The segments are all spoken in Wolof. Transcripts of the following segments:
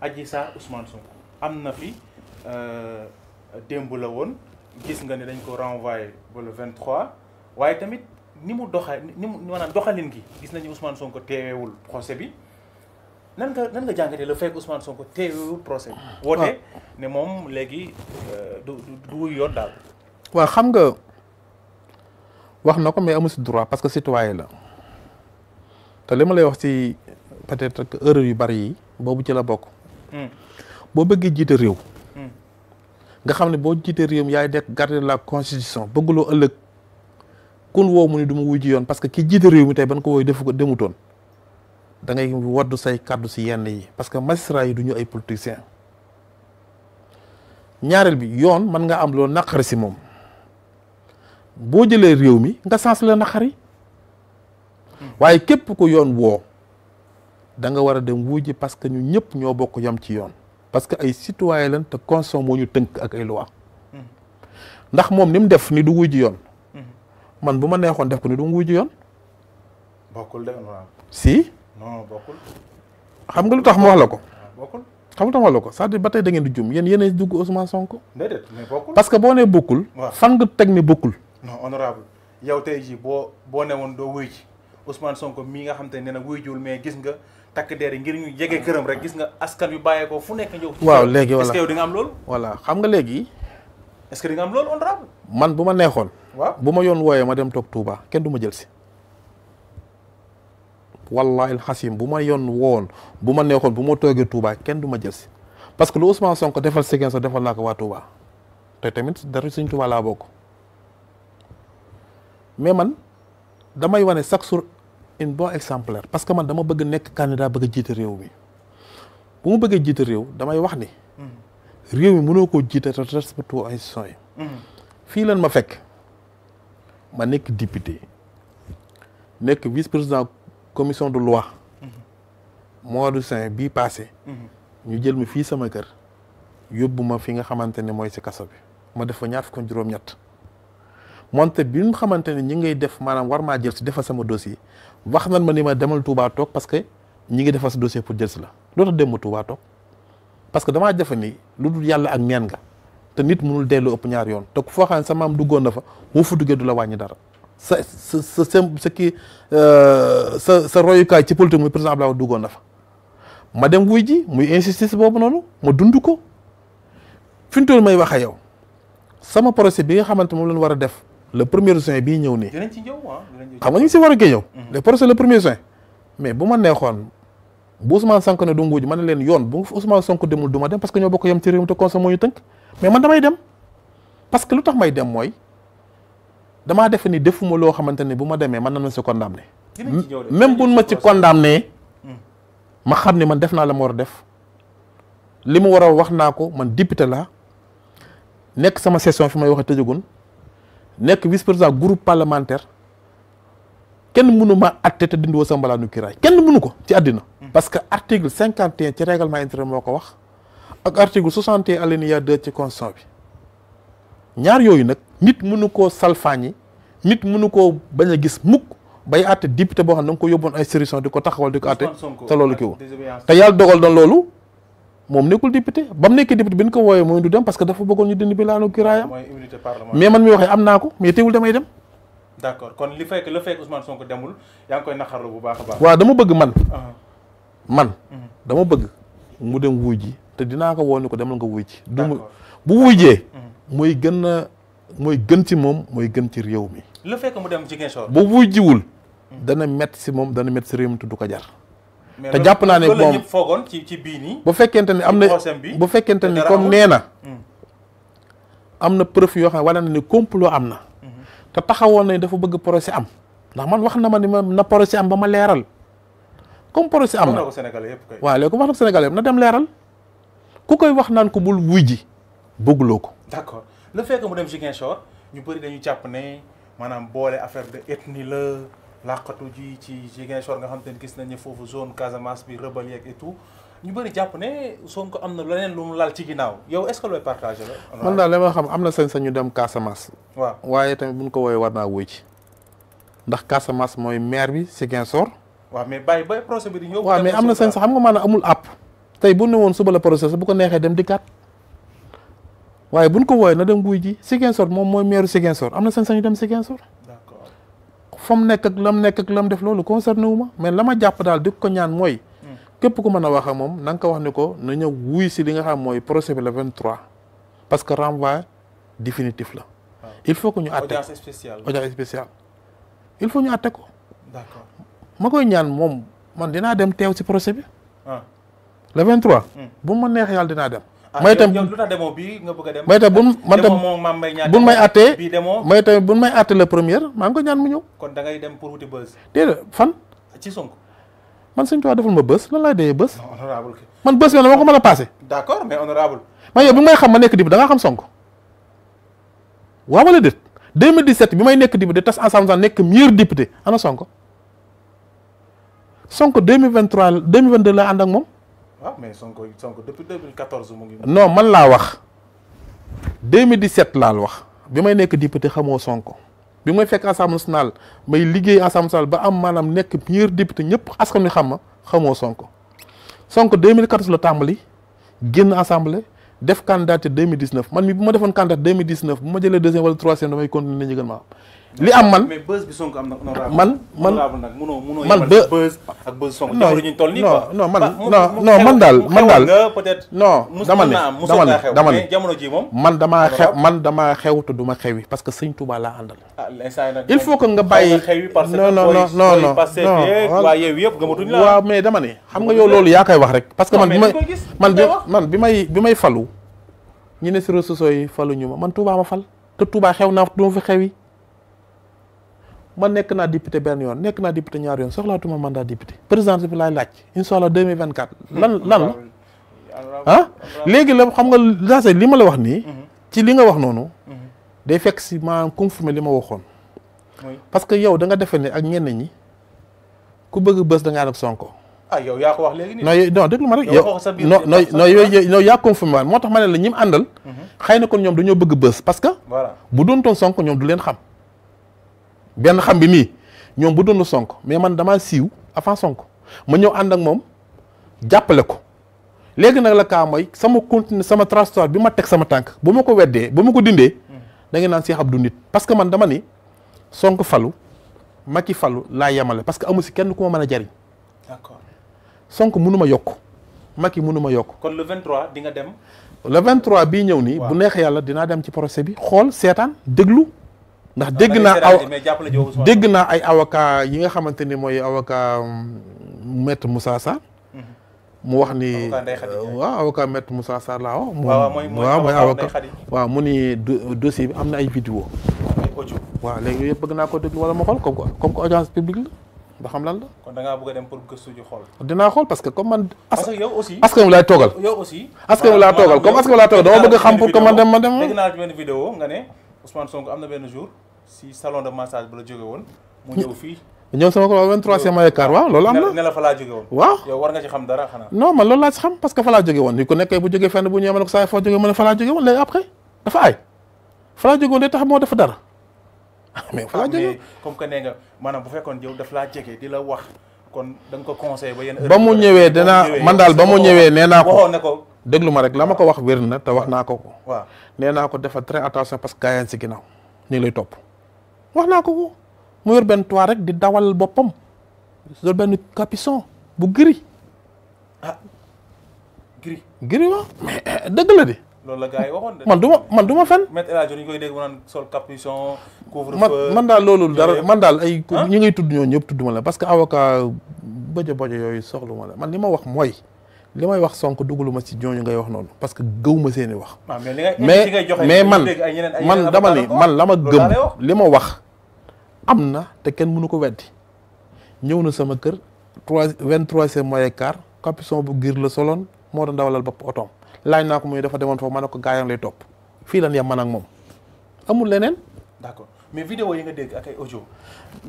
Adji Sarr Ousmane Sonko am na fi euh, démb la woon gis nga ne dañ ko renvoyé ba vingt 23 waaye tamit ni mu doxee ni mu maanaam doxalin gi gis nañu Ousmane ko teewewul procès bi nan nga nan nga jàngatee la fait que Ousmane ko teewewul procès bi. Ah. woote ne moom léegi euh, du du yoon daal. waaw xam nga wax na ko mais amu si droit parce que citoyen la te li ma lay wax ci peut-être que yu bari yi boobu ci la bokk. boo bëggee jiite réew. Hmm. nga xam ne boo jiitee réew réewam yaay nekk garder la constitution bëgguloo ëllëg kun woow mu ni du ma wujji yoon parce que ki jiite réew mi tey ban ko wooy defu ko demutoon da ngay waddu say kàddu si yenn yi parce que magistrat yi du ñu ay politiciens ñaareel bi yoon mën nga am loo naqari si moom boo jëlee réew mi nga sens la naqari hmm. waaye képp ko yoon woo da nga war a dem wuuji parce que ñu ñëpp ñoo bokk yam ci yoon parce que ay citoyen lañ te constitution moo ñu tënk ak ay loi ndax moom ni def ni du wuuji yoon man bu ma neexoon def ko ni du mu wuuji yoon bokkul de si lu tax ma ko bokkul xam nga la ko c'est-à-dire di jum yéen yéen a dugg Ousmane parce que boo nee bokkul fan nga teg ni bokkul honorable yow tey jii boo boo ne woon doo wuy ji Ousmane Sonko mii nga xam te ne na wuy mais gis nga takk der yi ngir ñu jege këram rek gis nga askan wi bàyyeekoo fu nekk ñëw. waaw léegi voilà est-ce loolu. voilà xam nga léegi. est-ce man bu ma neexoon. waaw bu ma yoon woowee ma dem toog Touba kenn du ma jël si. wallahi alxasim bu ma yoon woon bu ma neexoon bu ma toogee Touba kenn du ma jël si parce que lu Ousmane Sonko defal Séquence defal naa ko waa Touba te tamit dara suñ Touba laa bokk mais man damay wane chaque jour une bonne exemplaire parce que man dama bëgg nekk candidat bëgg a jiite réew mi bu mu bëggee jiite réew damay wax ni. réew mi mënoo koo jiite te respecté wu institution fii lan ma fekk ma nekk député nekk vice président commission de loi. mois de juin bi passé. ñu jël mi fii sama kër yóbbu ma fi nga xamante ne mooy si kaso bi ma def fa ñaar fukk juróom-ñett. moonte bi mu xamante ne ñi ngay def maanaam war maa jël si defal sama dossier wax nan ma ni ma demal Touba parce que ñi ngi defal sa dossier pour jël si la doo tax dem ma Touba parce que damaa jafe ni lu dul yàlla ak neen nga te nit mënul dellu ëpp ñaar yoon te foo xam ne sa maam duggoon na fa boo fa duggee la wàññi dara sa sa sa sa kii euh, sa sa royukaay ci politique muy président Abdoulaye duggoon na fa ma dem wuy ji muy injustice boobu noonu ma dund ko fi may wax yow sama procès bi nga xamante moom lañ war a def le premier juin bii ñëw nii. dinañ ci ñëw xam nga ñu ngi si war a ñëw. Mhm. le procès le premier juin. mais bu ma neexoon bu Ousmane Sonko ne du nguuj man ne leen yoon bu Ousmane Sonko demul du ma dem parce que ñoo bokk yem ci réew mi te conseil moo mais man damay dem parce que lu tax may dem mooy damaa defe ni defuma loo xamante ne bu ma demee mën na ma si condamné. même buñ ma ci condamné. Mhm. ma xam ne man def naa la ma war a def li mu war a wax naa ko man député la nekk sama session fi may waxee tëjagun. nekk vice président groupe parlementaire kenn mënu ma atte te dindiwoo sa mbalaanu kiraay kenn mënu ko ci àddina hmm. parce que article cinquante et un ci règlement intérieur moo ko wax ak article soixante et un alinéa deux ci constitution bi ñaar yooyu nag nit mënu koo salfaañi nit mënu koo bañ a gis mukk bay àtte député boo xam ne ko yóbboon ay solution di ko taxawal di ko àtte te loolu kiiwul te yàlla dogal na loolu moom nekkul député ba mu nekkee député bi ñu ko wooyee mooy du dem parce que dafa bëggoon ñu dindi bi laanu kiraayam mais man mi waxee am naa ko mais teewul damay dem d' accord kon li fekk la fekk Ousmane Sonko demul yaa ngi koy naqarlu bu baax a baax waaw dama bëgg man uh-huh. man uh-huh. dama bëgg mu dem wuy ji te dinaa ko woo ni ko demal nga wuy ji du bu wujjee uh-huh. mooy gën a mooy gën ci moom mooy gën ci réew mi la fekk mu dem Ziguinchor bu wujjiwul dana métti si moom dana métti si réew mi te du ko jar te jàpp naa ne moom foogoon ci ci bii nii bu fekkente ni am na bu fekkente ni comme nee na hmm. na preuve yoo xam ne wane na ni complot am na hmm. te taxawoon nañ dafa bëgg procès am ndax man wax na ma ni ma na procès am ba ma leeral comme procès am na waaw léegi ko wax na ko na dem leeral ku koy wax naan ko bul wuy ji bëgguloo ko d'accord le fait que mu dem Ziguinchor ñu bëri dañu jàpp ne maanaam boole affaire de ethnie la làqatu ji ci Ziguinchor nga xam te ne gis nañu foofu zone Casamance bi rebelle yeeg et ñu bëri jàpp ne Sonko am na leneen lu laal ci ginnaaw yow est-ce que looy partagé la. man daal li ma xam am na sañ-sañu dem Casamance. waaw waaye tamit bu ñu ko woowee war naa wóy ci. ndax Casamance mooy maire bi Ziguinchor. waaw mais bàyyi ba procès bi di ñëw. waaw mais am na sañ sax xam nga maanaam amul àpp. tey bu ne woon suba la procès bu ko neexee dem dikkaat waaye bu ñu ko woowee na dem wuy ji Ziguinchor moom mooy maire Ziguinchor am na sañ-sañu dem Ziguinchor fa mu nekk ak la mu nekk la mu def loolu concerné wu ma mais la ma jàpp daal di ko ñaan mooy. képp ku mën a wax ak moom nan nga wax ni ko na ñëw wuy si li nga xam mooy procès bi le 23. parce que renvoi définitif la. Ah. il faut que ñu àtte audience spéciale audience spéciale il faut ñu àtte ko. ma koy ñaan moom man dinaa dem teew si procès bi. Ah. le 23. Hmm. bu ma neexee yàlla dinaa dem. Ah, may tam yow lu tax demoo bii nga bëgg a dem. may tam bu man tam bu may àttee may tam bu may àttee la première maa ngi ko ñaan mu ñëw. kon da ngay fan. ci Sonko. man suñu tubaab deful ma bës lan laay dee bës. man bës yow dama ko mën a passé. d'accord mais honorable. man yow bi may xam ma nekk dibi da ngaa xam Sonko. waaw wala déet 2017 bi may nekk député tas ensemble sax nekk meilleur député ana Sonko Sonko 2023 2022 laa ànd ak moom. waaw ah, mais Sonko Sonko depuis 2014 mu ngi. man laa wax 2017 laal wax bi may nekk député xamoo Sonko bi may fekk assemblée nationale may liggéey assemblée nationale ba am maanaam nekk meilleur député ñëpp askan wi xam ma xamoo Sonko Sonko 2014 la tàmbali génn assemblée def candidat 2019 man mi bu ma defoon candidat 2019 bu ma jëlee deuxième wala troisième damay continuer ñu gën ma am. li am man mais buzz bi Sonko am na man man man buzz ak buzz Sonko non non man non non man daal man daal non dama ne dama ne dama jamono ji moom man dama xew man damaa xew te duma xewi parce que sëñ Touba laa àndal ah, il faut que nga bàyyi non non non non non waaw mais dama ne xam nga yow loolu yaa koy wax rek parce que man bi may man bi man bi may bi may falu ñu ne si réseaux yi falu ñu ma man Touba ma fal te Touba xew naa du ma xewi man nekk naa député benn yoon nekk naa député ñaar yoon soxlaatuma mandat député présidence bi laay laaj incha allah 2024 lan hmm. lan la ah? léegi la xam nga daase li ma la wax nii hmm. ci li nga wax noonu hmm. day fekk si ma confirmer li ma waxoon parce que yow da nga defee ne ak ñenn ñi ku bëgg bës da nga ànd ak Sonko ah yow yaa ko wax léegi nii. non non déglu ma rek yow non non non yow yaa confirmé waat moo tax ma ne la ñi mu àndal na kon ñoom dañoo bëgg bës parce que bu doon toon Sonko ñoom du leen xam benn xam bi nii ñoom bu doon sonk mais man damaa siiw avant Sonko ma ñëw ànd ak moom jàppale ko léegi nag la kaa mooy sama continue sama trajectoire bi ma teg sama tànk bu ma ko weddee bu ma ko dindee da ngeen naan Cheikh Abdou nit parce que man dama ni Sonko falu Macky falu laa yemale parce que amu si kenn ku ma mën a jariñ d'accord Sonko mënu yokk Macky mënu ma yokk. kon le 23 di nga dem. le 23 bii ñëw nii. bu neexee yàlla dinaa dem ci procès bi xool seetaan déglu. ndax dégg naa aw dégg naa ay avocat yi nga xamante ni mooy avocat mm, maître Moussa Sarr mhm. mu wax ni waaw avocat maître Moussa Sarr laa wax mu waaw mu ni dossier bi am na ay vidéo waaw léegi yëpp bëgg naa ko déglu wala ma xool comme quoi comme que audience publique la ba xam lan la. kon da a dem pour gëstu ji xool. parce que comme man. parce que toogal. yow aussi askan toogal comme askan wi laa toogal dama xam pour que ma dem. dégg am na benn si salon de massage bu la jóge woon mu ñëw fii ñëw sama ko 23e maye kaar waaw loolu am na ne la fa laa jóge woon waaw yow war nga laa ci xam parce que fa laa jóge woon ni ko nekkee bu jógee fenn bu ñëwee tax moo dafa dara mais fa laa ah, comme que nee nga maanaam bu fekkoon yow laa jege di la wax kon da ko conseillé ba yéen ba mu ñëwee dinaa man daal ba mu ñëwee nee naa ko waxoon na ko déglu ma rek la ma ko wax wér na te wax naa ko ko waaw nee naa ko dafa très attention parce que gaayan si ginnaaw ñu lay topp wax naa ko ko mu yor benn toit rek di dawal boppam yor benn capuchon bu gris. ah gris. gris waaw mais dëgg la de. loolu la gars yi waxoon de. man du ma man du ma fen. Maître El Hadji ñu koy dégg mu naan sol capuchon. couvre man daal loolu dara man daal ay. Ah? ñu ngay tudd ñooñu ñëpp tudd ma la parce que avocat bëjë bëjë yooyu soxlu ma la man li ma wax mooy. li may wax Sonko dugaluma ci ñooñu ngay wax noonu parce que gëwma seeni wax. Ah, mais mais man man dama ni man la ma gëm li ma wax am na te kenn mënu ko weddi ñëw na sama kër trois vingt troisième mois quart capuchon bu giir la soloon moo doon dawalal bopp otoom laaj naa ko muy dafa demoon foofu ma ne ko gaa lay topp fii lan yam man ak moom amul leneen. d'accord mais vidéo yi nga dégg ak ay audio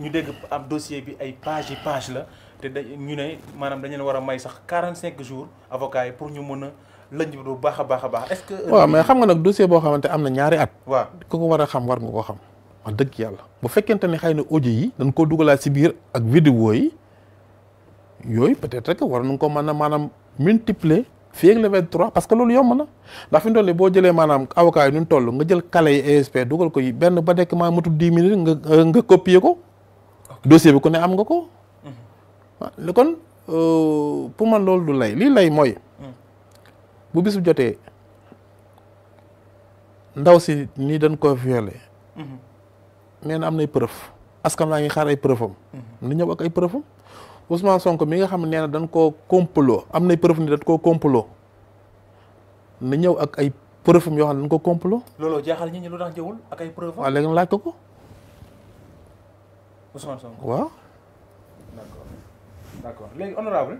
ñu dégg am dossier bi ay page yi page la. te da ñu ne maanaam dañu leen war a may sax cinq jours avocat yi pour ñu mën a lëñ bu baax a baax a baax est-ce que. waaw mais xam nga nag dossier boo xamante am na ñaari at. waaw ku ko war a xam war nga ko xam. wax dëgg yàlla bu fekkente ne xëy na audio yi. dañ koo dugalaat si biir ak vidéo yi yooyu peut-être rek war nañ ko mën a maanaam multiplier. fii ak le 23 parce que loolu yomb na ndax fi mu toll maanaam avocat yi toll nga jël kale yi ESP dugal ko yi benn ba nekk maa matul 10 nga nga copier ko. dossier bi ko ne am nga ko. waaw kon euh, pour man loolu du lay lii lay mooy. bu bis jotee ndaw si nii dañ ko violé. nee na am nay preuve askan waa ngi xaar ay preuve am. ñëw ak ay preuve am Ousmane mi nga xam ne nee na dañ koo complot am nay preuve ni dañ koo complot na ñëw ak ay preuve am yoo xam ne dañ ko complot. looloo jaaxal ñi ñu lu tax jëwul ak ay preuve am. waaw léegi laaj ko ko. Ousmane Sonko waaw. d' accord léegi honorable